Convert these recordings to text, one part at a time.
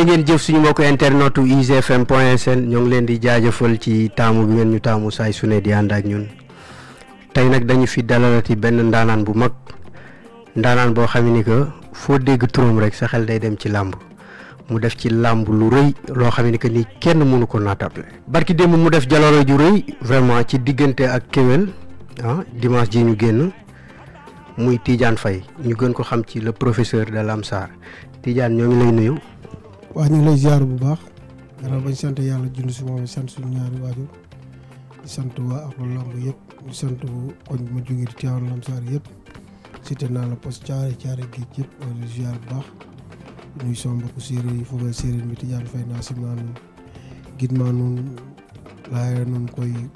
jërë ngeen jëf suñu mbokk internet iGFM isfm.sn sn ngi leen di jaajeufal ci taamu bi ngeen ñu taamu say suné di and ak ñun tay nak dañu fi dalalati ben bu mag ndaanaan bo xamni ni ko fo deg turam rek sa xel day dem ci lamb mu def ci lamb lu reuy lo xamni ni ken ni kenn mënu ko naatable barki dem mu def jaloro ju reuy vraiment ci digënté ak kewel ah dimanche ji ñu genn muy Tidiane fay ñu gën ko xam ci le professeur de Lamsar Tidiane ñoo ngi lay nuyu wax ñu lay ziar bu baax gannaaw bañ sant yàlla junni si moom sant suñu ñaari waajur sant waa ak lamb yëpp di sant koñ ma jógee di teewal lamsaar yëpp cité naa la poste caare caare géej yëpp wax ñu ziar bu baax fay naa sim naa noonu gid maa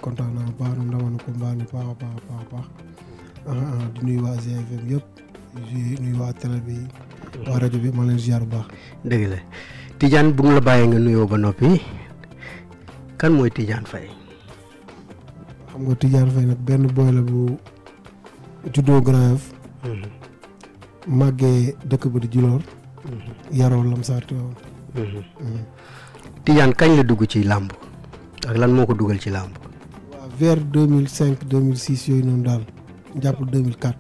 kontaan a a baax ah, ah, waa GFM yëpp bi waa rajo bi ma leen ziar bu baax dëgg Tidiane bung lebay la bàyyee nga nuyo ba nopi kan moy tijan fay xam kan nga Tidiane fay nak ben boy la bu judo grave hmm magge dekk bu di Djilor yaroo Lamsaar hmm Tidiane kañ la dugg ci lamb ak lan moko duggal ci lamb vers 2005 2006 yoy non dal japp 2004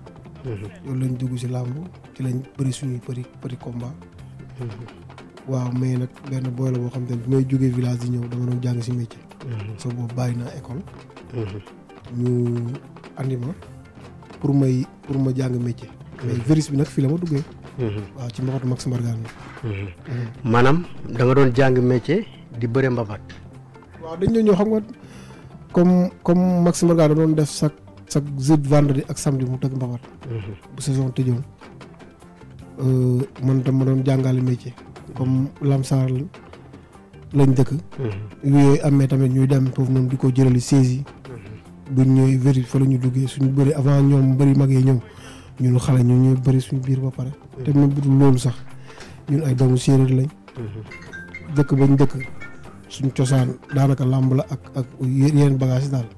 loolu lañ dugg ci lamb ci lañ bëri suñu përi përi combat mhm waaw mais nag benn boy la boo xam te ne bi may jógee village di ñëw dama doon jàng si métier. Mhm. so boobu bàyyi naa école. Mhm. ñu andi ma pour may pour ma jàng métier. Mhm. mais virus bi nag fii la ma duggee. waaw ci mbapat Max Mbargane la. maanaam da nga doon jàng métier di bëre mbabat. waaw dañ doon ñëw xam nga comme comme Max Mbargane da doon def sa chaque jeudi vendredi ak samedi mu tëgg mbapat. bu saison tëjoon euh, man tam ma doon jàngale métier. comme Lamsar lañ dëkk. Mm-hmm. yooyu amee tamit ñuy dem foofu noonu di ko jëlali saisi. Mm-hmm. buñ ñëwee vérité fa la ñu duggee suñu bëri avant ñoom bëri mag yi ñëw ñun xale ñu ñuy bëri suñu biir ba pare. Mm-hmm. te bu dul loolu sax ñun ay doomu séeréer lañ. dëkk bañ dëkk suñ cosaan daanaka làmb la ak ak yeneen bagage daal.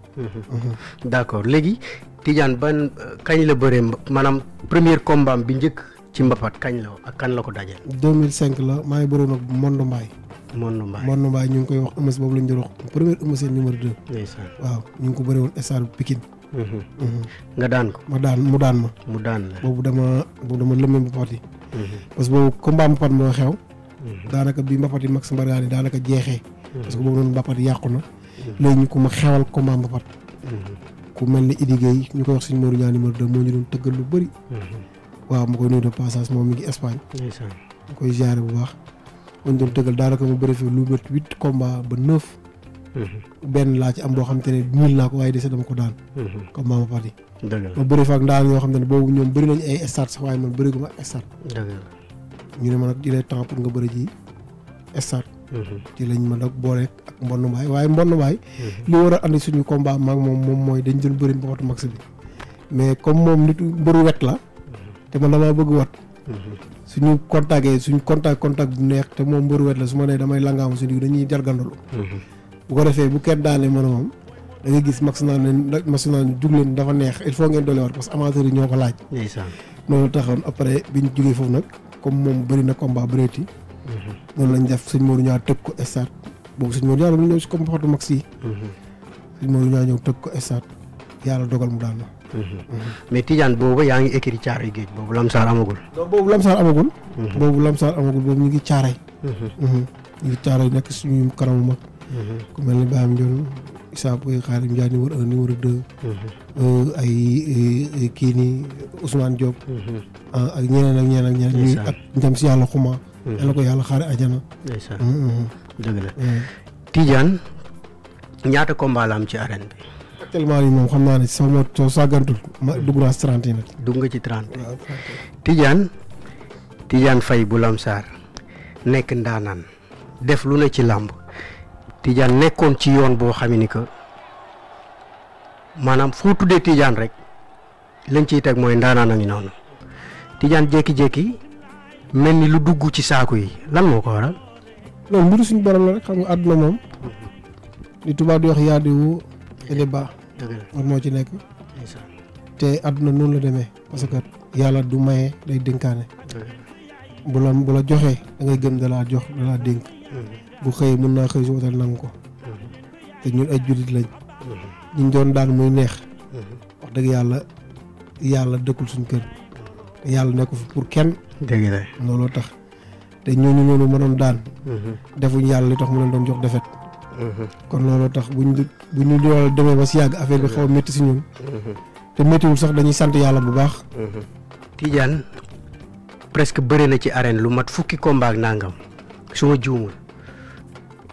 d'accord léegi Tidiane ban kañ la bëree maanaam premier combat bi njëkk. ci mbapat kagn la ak kan la ko dajal 2005 la may borom ak Mondo Mbay Mondo Mbay Mondo Mbay ñu ngi koy wax ëmës bobu lañu jël wax premier ëmës numéro 2 ndeysaan waaw ñu ngi ko bëré won estar Pikine mhm. Mhm. nga daan ko ma daan mu daan ma mu daan la bobu dama boobu dama lëmëm mbapat yi mhm. parce bobu boobu combat pat mo xew daanaka bi mbapat yi max mbar yaani daanaka jeexee parce bobu non mbapat yaquna lay ñu ko ma xewal combat mbapat ku mel ni Idi Gueye ñu koy wax suñu mourou Niane numéro 2 mo ñu doon teugal lu bari waaw ma koy nuyu de passage moom mi ngi Espagne. ndeysaan koy jaare bu baax. ma doon tëggal daanaka ma bëri fi lu mét huit combat ba neuf. Mhm. benn laa ci am boo xam te ne ñuul naa ko waaye dese ma ko daan. Mhm. comme maama Fatick. ma bëri ak daan yoo xam te ne boobu ñoom bëri nañu ay stade sax ñu ne ma nag il est temps pour nga bëri ji stade. Mhm. ci lañ ma nag boole ak mbonn baay waaye mbonn baay. li war a andi suñu combat maag moom moom mooy dañ doon bëri mboqatu max bi mais comme moom nit mbëru wet la. te man dama bëgg wat mhm. suñu contacté suñu contact contact bu neex te moom mbeur wet la suma ma damay langam suñu dañuy jargandul mhm. bu ko defee bu kenn daalé mo a da nga gis max na ne max na ne jug leen dafa neex il faut ngeen dolé wat parce que amateurs yi ñoko laaj laaj noonu taxoon après biñu ñu fofu nak comme mom bari na combat breti non mhm. lañ def suñu mourou ñaar tekk ko estat boobu suñu mourou ñaar doon ñëw ci comme waxatu maxi suñu mourou ñaar ñew tekk ko estat yalla dogal mu daal mais Tidiane boobu yang ekiri écrit caaray géej lam lamsaar amagul. donc lam lamsaar amagul. boobu lamsaar amagul boobu ñu ngi caaray. ñu ngi caaray nekk suñu kanamu mag. ku ni Baam Ndiol Issa Pouye Khadim Ndiaye numéro un numéro deux. ay kii nii Ousmane Diop. ak ñeneen ak ñeneen ak ñeneen. ñuy ak ndam xuma. ko la Tidiane ñaata combat ci arène bi actuellement nii moom xam naa ne sama moto sàggantul ma hmm. dugg 30 nag. dugg nga ci 30. Ah, Tidiane Tidiane Faye bu def lu ne ci làmb Tidiane nekkoon ci yoon boo xam ni Tidiane rek lañ ciy teg mooy ndaanaan Tijan ngi jeki, Tidiane jékki-jékki mel ni lu dugg ci saako yi lan moo ko waral. loolu mbiru suñu borom la rek xam nga mm-hmm. di wax te baax loolu moo ci nekk te àdduna noonu la demee parce que yàlla du maye day dénkaane bu la bu la joxee da ngay gëm dalaa jox dalaa dénk bu xëyee mën naa xëy si watal nangu ko te ñun ay jullit lañ ñu doon daan muy neex wax dëgg yàlla yàlla dëkkul suñ kër te yàlla nekku fi pour kenn dëgg la looloo tax te ñooñu ñoonu mënoon daan defuñ yàlla li tax mu leen doon jox defet Mm-hmm. kon looloo tax buñ bu ñu dool demee ba si yàgg affaire bi xaw a métti si ñun. Mm-hmm. te méttiwul sax dañuy sant yàlla bu baax. Mm-hmm. Tidiane presque bëri na ci arène lu mat fukki combat ak nangam su ma juumul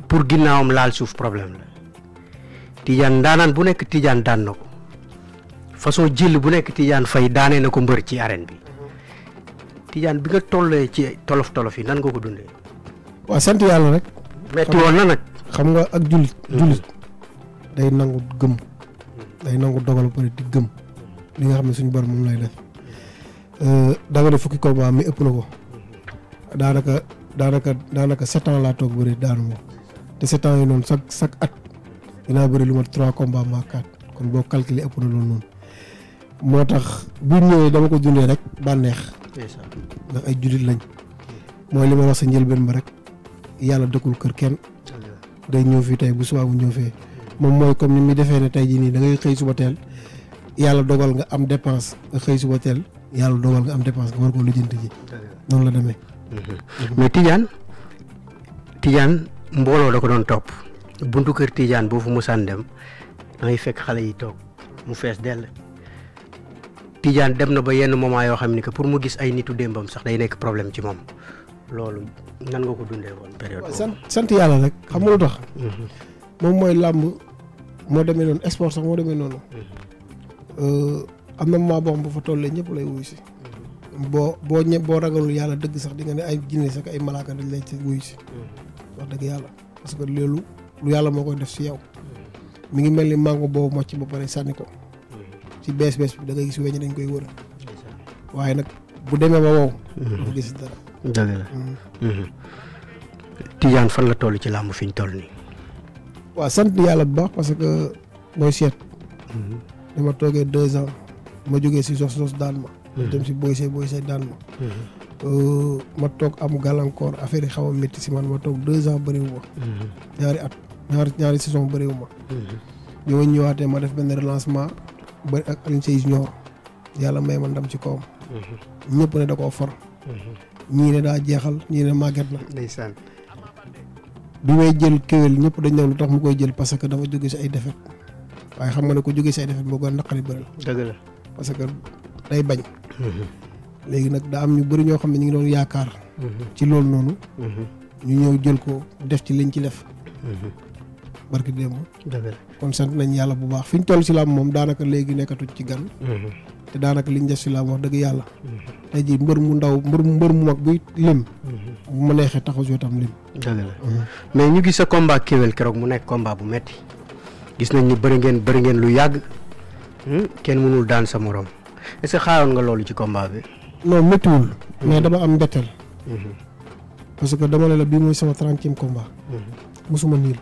pour ginnaawam laal suuf problème la Tidiane daanaan bu nekk Tidiane daan na ko façon jël bu nekk Tidiane fay na ko ci arène bi Tidiane bi nga tollee ci tolof tolof yi nan nga ko dundee. waaw sant yàlla rek. metti woon na nag xam nga ak julit mm-hmm. julit day nangu gëm mm-hmm. day nangu dogal bari di gëm mm-hmm. li nga xam ne suñu bor moom lay def euh ne fukki ba mi ëpp na ko daanaka daanaka daanaka 7 ans la toog bari daanu ko te 7 ans yi noonu chaque chaque at dina bari lu ma 3 combat ma 4 kon boo calculer ëpp na loolu noonu moo tax bu ñëwee dama ko dundee rek bànneex ndax ay julit lañ mooy li ma wax sa njëlbeen ba rek yàlla dëkkul kër kenn day ñëw fi tay bu suba bu ñëw fee moom mooy comme ni mi défé né tay ji ni da ngay xey suba teel yalla dogal nga am dépense nga xëy suba teel yalla dogal nga am dépense war ko lu lijjanti ji. non la démé mhm. mais Tidiane Tidiane mbolo da ko don top buntu kër Tidiane boo fu dem da ngay fekk xalé yi tok mu fess del Tidiane dem na ba yenn moment yo xamni que pour mu gis ay nitu dembam sax day nek problème ci mom loolu nan nga ko dundee woon période sant sant yàlla rek xam nga lu tax mhm. moom mooy làmb moo demee noonu sport sax moo demee noonu mhm. euh, am na moment boo xam bu fa tollee ñëpp lay wuyu si mhm. boo boo sax di nga ne ay jinne sax ay malaka dañ lay ci wuyu si wax dëgg yàlla parce que loolu lu yàlla moo def si yow mi ngi mel ni mango boobu mocc ba pare sànni ko ci bes bees da ngay gis weñ dañ koy wër waaye bu ba wow. gis dara dëgg la tijaan fan la toll ci làmb fi ñu toll nii. waaw sant yàlla bu baax parce que mooy seet. dama toogee deux ans ma si sos sos daan ma. dem mhm. si boy see boy see daan ma. Mhm. Eh, ma toog am gàllankoor affaire yi xaw a métti si man ma toog deux ans bëriwu ma. ñaari mhm. at ñaari ñaari saison bëriwu ma. ma def relancement ak Junior yàlla may ma ndam ci ñëpp ne da koo for ñii ne daa jeexal ñii ne màgget na ndeysaan bi may jël kéwél ñëpp dañu ne lu tax mu koy jël parce que dafa jóge si ay defet waaye xam nga ne ko jóge si ay defet moo gën naqari bëri dëgg la parce que day bañ léegi nag daa am ñu bëri ñoo xam ne ñu ngi doon yaakaar ci loolu noonu ñu ñëw jël ko def ci liñ ci def barki démb kon sant nañ yàlla bu baax fi ñu toll si làmb moom daanaka léegi nekkatu ci gan te daanaka liñ def si wax deug yalla tay ji mbeur mu ndaw mbeur mbeur mu mag buy lim. mu mhm. nexe neexee taxaw si lim. la mhm. mais ñu gis sa combat kewel kérok mu nek combat bu metti gis nañ ni bëri ngeen ngeen lu yag, hmm? ken mënul daan sa morom est-ce que xaaroon nga lolu ci combat bi. non méttiwul. Mhm. mais dama am mbetteel. parce que dama la bi moy sama 30e combat. musuma nil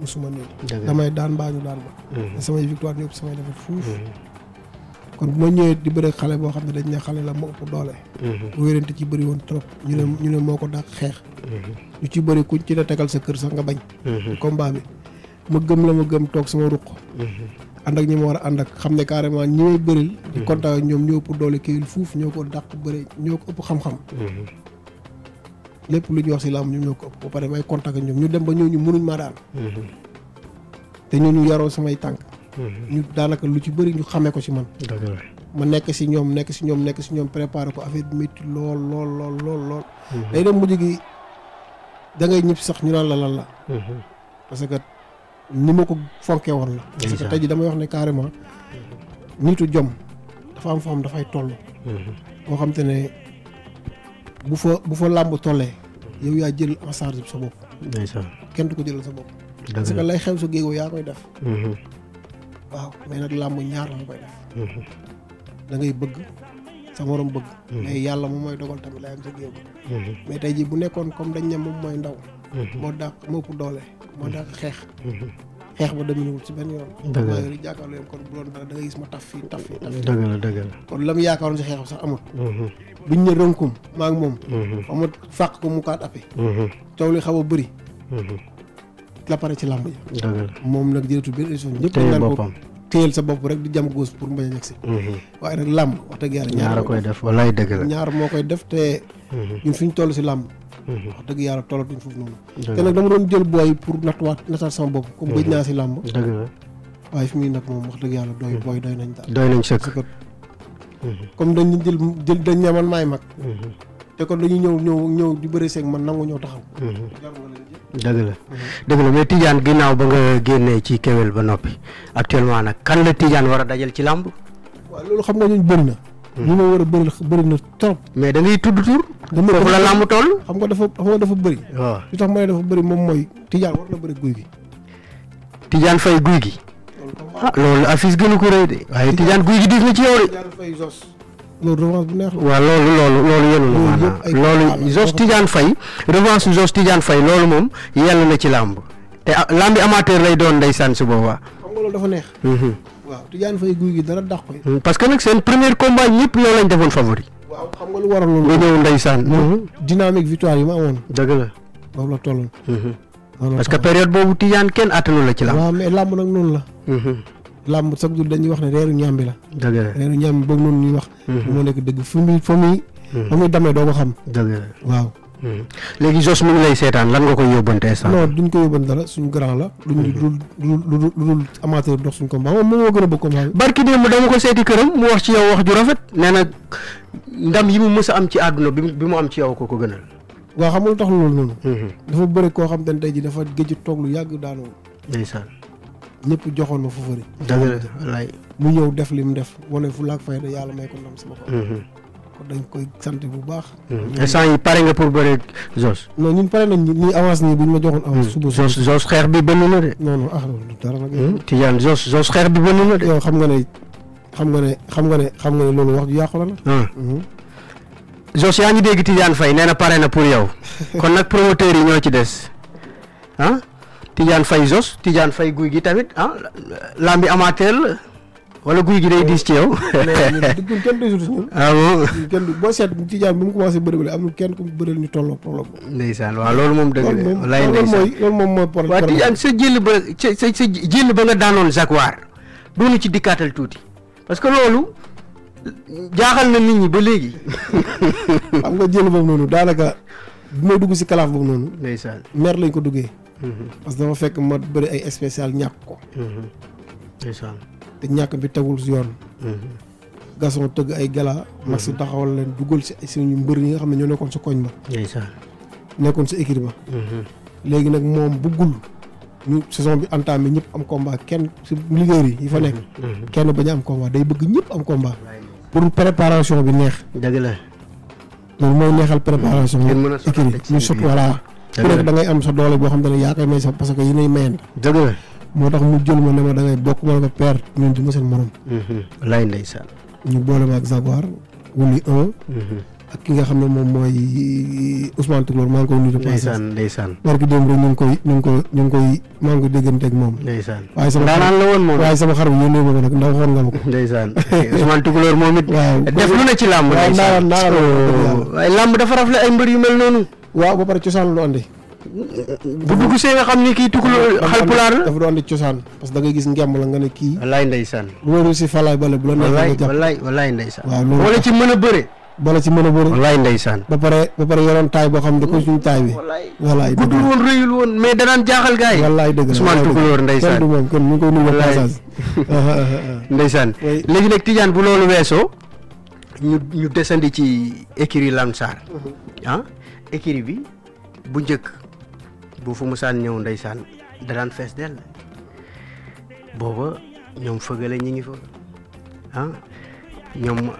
musuma nil damay daan bañu daan ba. sama victoire ñëpp sama defar fuuf kon bu ma ñëwee di bëre xale boo xam ne dañ ne xale la mo ëpp doole mu mhm. wérante ci bëri woon trop ñu ne ñu ne moo ko dàq xeex mhm. ñu ci bëri kuñ ci la tegal sa kër sax nga bañ mhm. combat bi ma gëm la ma gëm toog sama ruq ànd ak ñi ma war a ànd ak xam ne carrément ñi may bëril di contact ak ñoom ñoo ëpp doole kayil fuuf ñoo ko dàq bëri ñoo ko ëpp xam-xam lépp lu ñu wax si làmb ñoom ñoo ko ëpp ba pare may contact ak ñoom ñu dem ba ñëw ñu mënuñ maa daan te ñooñu yaroo samay tànk Mm-hmm. ñu daanaka lu ci bëri ñu xamee ko si man ma nekk si ñoom nekk si ñoom nekk si ñoom préparé ko affaire bi métti lool lool lool lool lool mm-hmm. day dem mujj gi da ngay sax ñu naan la lan la mm-hmm. parce que ni ma ko fonkee woon la parce que tey damay wax ne carrément nitu jom dafa am foo xam dafay toll boo xam ne bu fa bu fa làmb tollee yow yaa jël en charge bi sa bopp kenn ko jëlal sa bopp parce que lay xew sa géegoo yaa koy def waaw mais nag làmb ñaar mu koy def. Mm-hmm. da ngay bëgg sa morom bëgg. Mm-hmm. mais yàlla moom mooy dogal tamit lay am sa géew. Mm-hmm. mais tey jii bu nekkoon comme dañ ne moom mooy ndaw. moo dàq moo ëpp doole. moo dàq xeex. xeex ba demeewul ci benn yoon. dëgg la maa ngi jàkkaarloo kon bu doon dara gis ma taf fii taf fii taf kon la mu yaakaaroon ci xeex sax amut. biñ ne rënkum maa ak moom. amut fàq ko mu kaat appe. coow li xaw a bëri. la pare ci làmb ji moom nag jëretu benn émission ñëpp naan ko téyel sa bopp rek di jam góos pour mbañ a ñegsi mhm. waaye nag làmb wax dëgg yàlla ñaar moo koy def te mhm. ñun fi ñu toll si làmb mhm. wax dëgg yàlla tollatuñ foofu noonu te nag dama doon jël booy pour nattuwaat nattaat sama bopp comme gëj naa si làmb dëgg la waaye fi muy nag moom wax dëgg yàlla doy booy doy nañ daal doy nañ sëkk comme dañ jël jël dañ ñamal maay mag te kon dañuy ñëw ñëw ñëw di bëri seeg man nangu ñëw taxaw dëgg la dëgg la mais Tidiane ginnaaw ba nga génnee ci kewel ba noppi actuellement nag kan la Tidiane war dajal ci làmb waaw loolu xam nga ñun bëri na ñu ma war a bëri bëri na trop mais da ngay tudd tur dama la làmb toll xam nga dafa xam nga dafa bëri waaw li tax ma ne dafa bëri moom mooy Tidiane war na bëri guy gi Tidiane Faye guy gi ah loolu affiche gënu ko rëy de waaye Tidiane guy gi diis na ci yow de Tidiane Faye Zos loolu revanche loolu loolu loolu yenu la maanaam loolu Jos Tidiane Faye revanche su Jos Tidiane fay loolu moom yell na ci làmb te làmbi amateur lay doon ndeysaan su boobaa. xam nga loolu dafa neex. Mhm. waaw Tidiane Faye dara dàq ko. Mm, parce que nag seen premier compagne ñëpp loolu lañ defoon favori. waaw xam lu waral loolu. nga ñëw ndeysaan. Mhm. dynamique victoire yi ma amoon. dëgg la. loolu la tolloon. Mhm. parce que période boobu Tidiane kenn attanu la ci làmb. waaw mais làmb nag noonu la. làmb chaque jour dañuy wax ne reeru ñàmbi la. la reeru ñàmbi boobu noonu ñuy wax. Mm-hmm. moo nekk dëgg fu muy fa muy. Mm-hmm. fa demee doo ko xam. dëgg la waaw. Mm-hmm. léegi Zoss mu ngi lay seetaan lan nga koy yóbbante sax. duñ ko yóbbante dara suñu grand la. duñ lu dul lu dul dox suñu combat moom moo gën a bëgg combat bi. barki démb dama ko seeti këram mu wax ci yow wax ju rafet nee na ndam yi mu mës a am ci àdduna bi mu am ci yow ko ko gënal. waaw xam nga lu tax loolu noonu. dafa bëri koo xam te ne tey jii dafa gëj toog lu yàgg daanoo. ndeysaan. ñëpp joxoon ma favori. dëgg la mu ñëw def li mu def wane fu laak fayda yàlla may ko sama mhm. ko dañ koy sant bu baax. Mhm. instant yi pare nga pour bëre Zoss. non ñun pare na ni avance nii bu ñu ma joxoon avance. Mhm. suba Zoss Zoss xeex bi bënn na de. non non ah dara nag. Tidiane Zoss Zoss xeex xam bënn na xam nga ne xam nga ne xam nga ne xam nga ne loolu wax ju yàqu la la. Ah. Zoss yaa ngi dégg Tidiane Faye nee na pare na pour yow kon nag promoteur yi ñoo ci des ah. tijan fay Jos Tidiane fay guuy gi tamit ah lambi amatel wala guuy gi day dis ci yow dugul kenn du ñun ah bon kenn bo set tijan bu mu commencé beureul amul kenn ko beureul ni tolo problème ndeysaan wa loolu mom deug lay ndeysaan moy loolu moom moy problème wa Tidiane sa jël ba sa jël ba nga danon Jaguar doonu ci dikatal touti parce que loolu jaaxal na nit ñi ba léegi xam nga jël boobu nonu daanaka bi may dugg si kalaaf boobu nonu ndeysaan mer lañ ko duggé parce que dama fekk ma bëri ay spécial ñàkk ko. incha te ñàkk bi tegul si yoon. Gaston tëgg ay gala. mag si mhm. taxawal leen dugal si suñu mbër yi nga xam ne ñoo nekkoon si koñ ba. incha nekkoon si équipe ba. Mhm. léegi nag moom buggul ñu saison bi bi ñëpp am combat kenn si leader yi yi fa nekk. Mhm. kenn bañ am combat day bëgg ñëpp am combat. pour préparation bi neex. dëgg la. loolu mooy neexal préparation. ngeen mën ñu sot voilà. ku nekk da ngay am sa doole boo xam te ne yaa koy may sa parce que yéenay mayante. moo tax mu jël ma ne ma da bokk ma ne ko père ki nga moom mooy Ousmane Toucouleur maa ngi koy nuyu. ndeysaan ndeysaan barki démb rek ñu koy ñu koy maa ngi koy dégganteeg moom. ndeysaan waaye sama daanaan la woon xar bi yónnee ma ko nag ndaw xool nga ma ko. ndeysaan Ousmane Toucouleur moom ne ci làmb. waaye làmb dafa rafle ay mbër yu mel noonu. waaw ba pare cosaan lu andi. bu dugg see nga xam ni kii tukulóor xalpulaar la dafa doon andi cosaan parce que da ngay gis ngemb la nga ne kii. wallaay ndeysaan. bu wóorul si falaay bale bu la neexee nga jàpp wallaay wallaay ndeysaan. waaw loolu wala ci mën a bëre. bala ci mën a bëri wallaay ba pare ba pare yoroon taay boo xam ne ko suñu taay bi wallaay guddul woon rëyul danaan jaaxal gars yi wallaay dëgg la Ousmane Toucouleur ndeysaan du moom kon mu ngi koy nuyu passage ah, ah, ah, ndeysaan léegi nag Tidiane bu loolu weesoo ñu desandi ci écurie Lansar mhm. ah écrit bi bu njëkk bu fu musaan ñëw ndaysaan da daan fess del booba ñom fëgale ñi ngi fa ah ñom uh,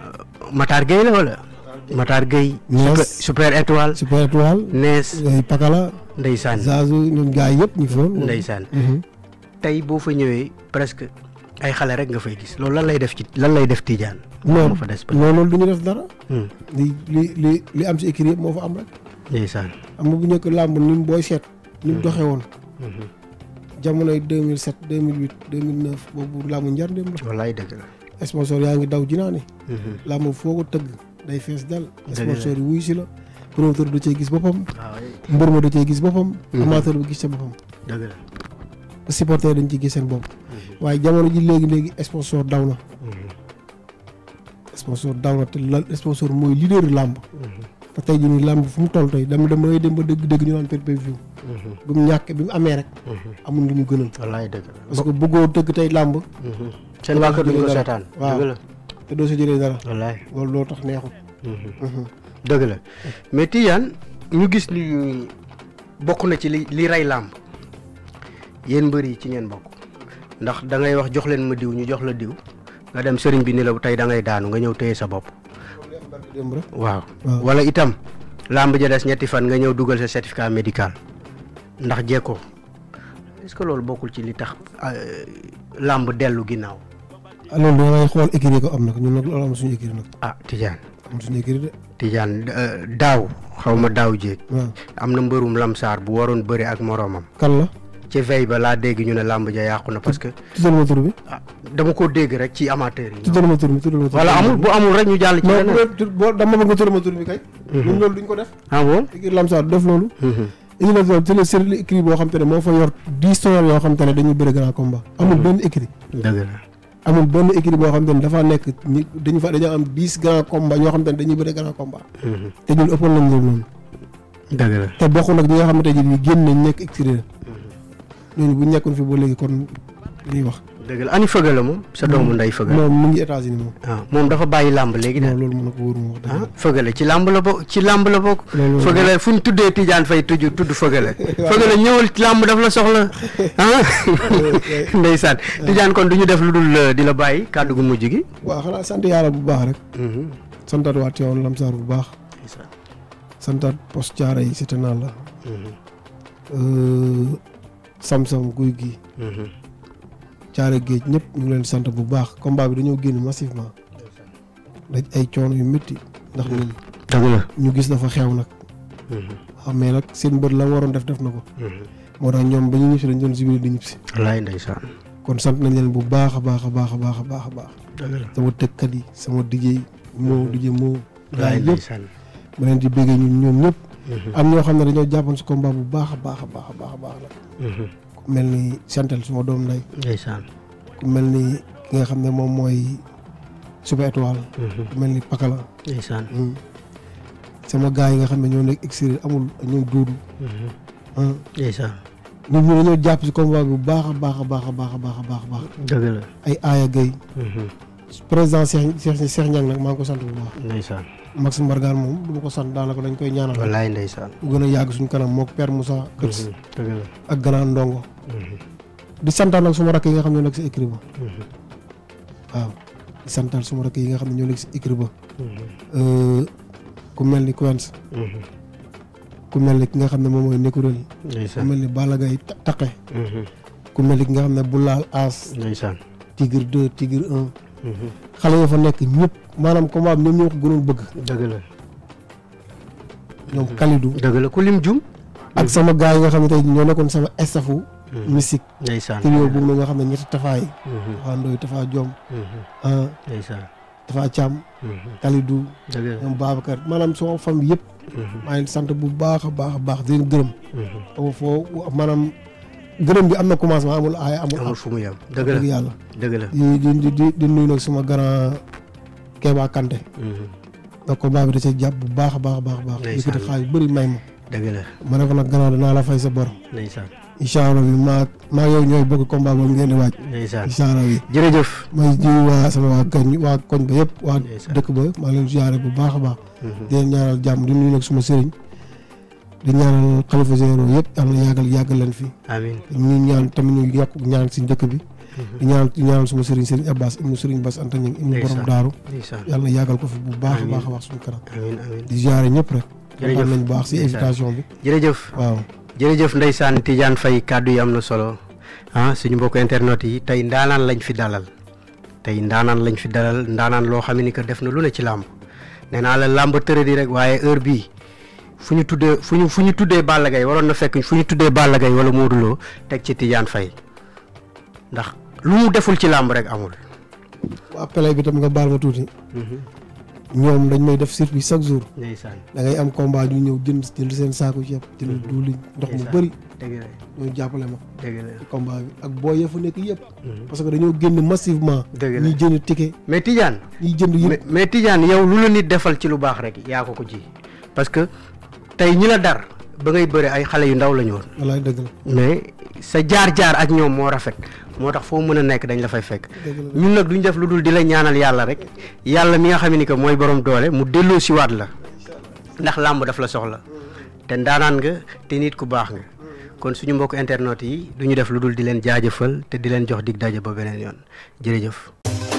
Matar gay la wala Matar gay super étoile super étoile nees pakala ndaysaan zazu ñun gaay yëpp ñi fa ndaysaan mhm. tay bo fa ñëwee presque ay xalé rek nga fay gis loolu lan lay def ci lan lay def Tidiane non fa des non loolu du def dara hmm. li li li am ci écrit mo fa am rek ndeysaan am na bu njëkk làmb ni mu booy seet ni mu mm-hmm. doxee woon mm-hmm. jamonoy 2007 2008 2009 boobu làmb njarndéem la wallaay dëgg la sponsor yaa ngi daw jinaa ne mm-hmm. làmb foo ko tëgg day fees dal sponsor yi wuy si la promoteur da cee gis boppam mbër ma da cee gis boppam amateur bi gis sa boppam dëgg supporter dañ ci gis seen bopp waaye jamono ji léegi-léegi sponsor daw na sponsor daw na te la sponsor mooy leader làmb tay tey jii nii fu mu toll tey dama dama lay dem ba deug deug ñu naan view mhm. bu mu ñak bi mu amé rek mhm. amul lu ñu gënal wallahi deug parce que bëggo deug tay lamb mhm. sen wa ko duñ ko deug la te do si jëlé dara wallahi lool lo tax neexu deug la mais tiyan ñu gis ni bokku na ci li ray lamb yeen mbeuri ci ñeen bokku ndax da ngay wax jox leen ma diw ñu jox la diw nga dem serigne bi ni la tay da ngay daanu nga ñew téye sa bop waaw wala itam làmb ja des ñetti fan nga ñëw dugal sa certificat médical ndax jekkoo est loolu bokkul ci li tax euh, làmb dellu ginnaaw. loolu da ngay xool écurie ko am nag ñun nag loolu am suñu écurie nag. ah Tidiane. am suñu écurie de. Tidiane euh, daaw xaw ma daaw jéeg. am na mbërum lamsaar bu waroon bëri ak moroomam. kan la. ci veille ba laa dégg ñu ne làmb ja yàqu na parce que. tuddal ma tur bi. Ah, dama ko dégg rek ci amateur yi. tuddal ma tur bi tuddal ma tur bi wala amul bu amul rek ñu jàll. ci mhm. ko def. ah bon ngir loolu. dañu la doon télé boo xam te ne moo fa yor dix tonnes yoo xam te ne dañuy bëri grand combat. amul mhm. benn écrit. dëgg amul benn écrit boo xam te ne dafaa nekk ñu dañu fa dañoo am grand combat ñoo xam te ne dañuy bëri grand combat. Mhm. te ñun ëppoon nañ loolu noonu. dëgg la te bokkul ak ñi nga xamante ne bii génn nañ nekk ñooñu bu ñu nekkoon fi ba léegi kon dañuy wax. dëgg la ani fëgala moom sa doomu nday fëgala moom mu ngi États-Unis moom ah, moom dafa bàyyi làmb léegi de loolu mën na ko wóoruma wax ah làmb la bokk ci làmb la bokk fëgala fu ñu tuddee Tidiane fay tudd tudd fëgala fëgala ñëwal ci làmb daf la soxla ah ndeysaan Tidiane kon du ñu def lu dul euh, di la bàyyi kàddu gu mujj gi waaw xanaa sant yàlla bu baax rek mm-hmm. santaat waa Tivaouane Lamsaar bu baax santaat post Thiaroye yi seetanaa la Samsung guy gi. hmm ciara geej ñep ñu leen sante bu baax combat bi dañu génn massivement. daj ay cion yu metti ndax ñu ñun. ñu gis dafa xew nak hmm ah, xamé nak seen mbër la waron def def nako hmm mo tax ñom bañu ñu ñibsi dañ doon sibiri di ñibsi. wallaay ndeysaan. kon sant nañ leen bu baax a baax baax baax baax a baax. sama tëkkat yi sama dijee mo mhm. dijee mo lay ndeysaan yëpp ma leen di bëggé ñun ñom ñëpp. am ñoo xam ne dañoo jàppoon si combat bu baax a baax a baax a baax a baax la. ku mel ni santel suma doom ndey. ndeysaan ku mel ni ki nga xam ne moom mooy Super Étoile. ku mel ni Pakala. ndeysaan sama gars yi nga xam ne ñoo nekk extérieur amul ñoom duudu. ndeysaan ñun ñu dañoo jàpp si combat bu baax a baax a baax a baax a baax a baax. dëgg la ay aaya gay. président Cheikh Cheikh Cheikh Niang nag maa ngi ko sant bu baax. ndeysaan Max Mbargane moom bu ñu ko sant daanaka dañ koy ñaanal. wallaay ndeysaan. bu gën a yàgg suñu kanam moog Père Moussa. Kër mhm, ak Gana Ndongo. Mhm. di santaan nag suma rakk yi nga xam ne ñoo nekk si écrit ba. Mhm. yi nga xam ne ñoo nekk si euh, ku mel ni Quench. ku mel ni ki nga xam ne moom mooy Nekkurel. ndeysaan ku mel ni Balla Gaye ku mel ni ki nga xam ne bu laal As. Tigre 2 Tigre 1. xale yoo fa nekk ñëpp maanaam combat bi ñoom ñoo ko gënoon bëgg. dëgg la. ñoom Kalidou. dëgg la ku lim jum. ak sama gars yi nga xam ne tey ñoo nekkoon sama estafu. musique. Hmm. ndeysaan trio boobu nga xam ne ñetti tafaa yi. Hmm. waa Ndoye Tafa Diom. Hmm. Ah. ndeysaan. Tafa Thiam. Kalidou. dëgg la ñoom Babacar maanaam sama famille yëpp. maa ngi sant bu baax a baax baax di gërëm bi am na commencement amul aay amul. amul fu mu yem dëgg la yàlla dëgg la. di di di di nuyu nag suma grand Kéba Kanté. Mhm. donc combat bi da cee jàpp bu baax a baax a baax. ndeysaan yëkkati xaalis bëri may ma. dëgg la ma ne ko nag grand dinaa la fay sa bor. ndeysaan incha allah bi maa maa yow ñooy bokk combat boobu ngeen di waaj. ndeysaan incha allah bi jërëjëf. may jiw waa sama waa koñ waa koñ ba yëpp. waa dëkk ba maa leen ziare bu baax a baax. Mhm. di leen ñaanal jàmm di nuyu nag suma sëriñ. di ñaanal xalifa généraux yëpp yàlla yàggal yàggal leen fi. amiin ñu ñaan tamit ñu yokk ñaan si njëkk bi. Mhm. di ñaan di ñaan suma sëriñ sëriñ Abbas ibnu sëriñ Bass Anta Ñaŋ borom daaru yàlla yàggal ko fi bu baax a baax a baax suñu kanam di ziare ñëpp rek jërëjëf nañ baax si invitation bi jërëjëf waaw jërëjëf ndeysaan Tidiane fay kàddu yi am na solo ah suñu mbokk internet yi tey ndaanaan lañ fi dalal tey ndaanaan lañ fi dalal ndaanaan loo xam ne ni que def na lu ne ci làmb nee naa bii fu ñu tuddee fu ñu fu ñu tuddee Balla Gaye waroon na fekk fu ñu tuddee Balla Gaye wala Modou Lo teg ci Tidiane fay ndax lu mu deful ci làmb rek amul. waa pele bi tam nga baal ma tuuti. Mm-hmm. ñoom dañ may def circuit chaque jour. ndeysaan da ngay am combat ñu ñëw jënd jënd seen saako ceeb. jënd mm-hmm. duuli ndox mu bëri. dëgg la ñoo jàppale ma. dëgg la combat bi ak boo yee fu nekk yëpp. Mm-hmm. parce que dañoo génn massivement. dëgg la ñuy jënd ticket. mais Tidiane. ñuy jënd yëpp mais Tidiane yow lu la nit defal ci lu baax rek yaa ko ko ji tey ñi la dar ba ngay bëri ay xale yu ndaw la ñu woon. wallaay dëgg la sa jaar-jaar ak ñoom moo rafet moo tax foo mën a nekk dañ la fay fekk. ñun nag duñ def lu dul di la ñaanal yàlla rek yàlla mi nga xam ni que mooy borom doole mu delloo siwaat la ndax làmb daf la soxla te ndaanaan nga te nit ku baax nga. kon suñu mbokk internet yi duñu def lu dul di leen jaajëfal te di leen jox dig daje ba beneen yoon jërëjëf.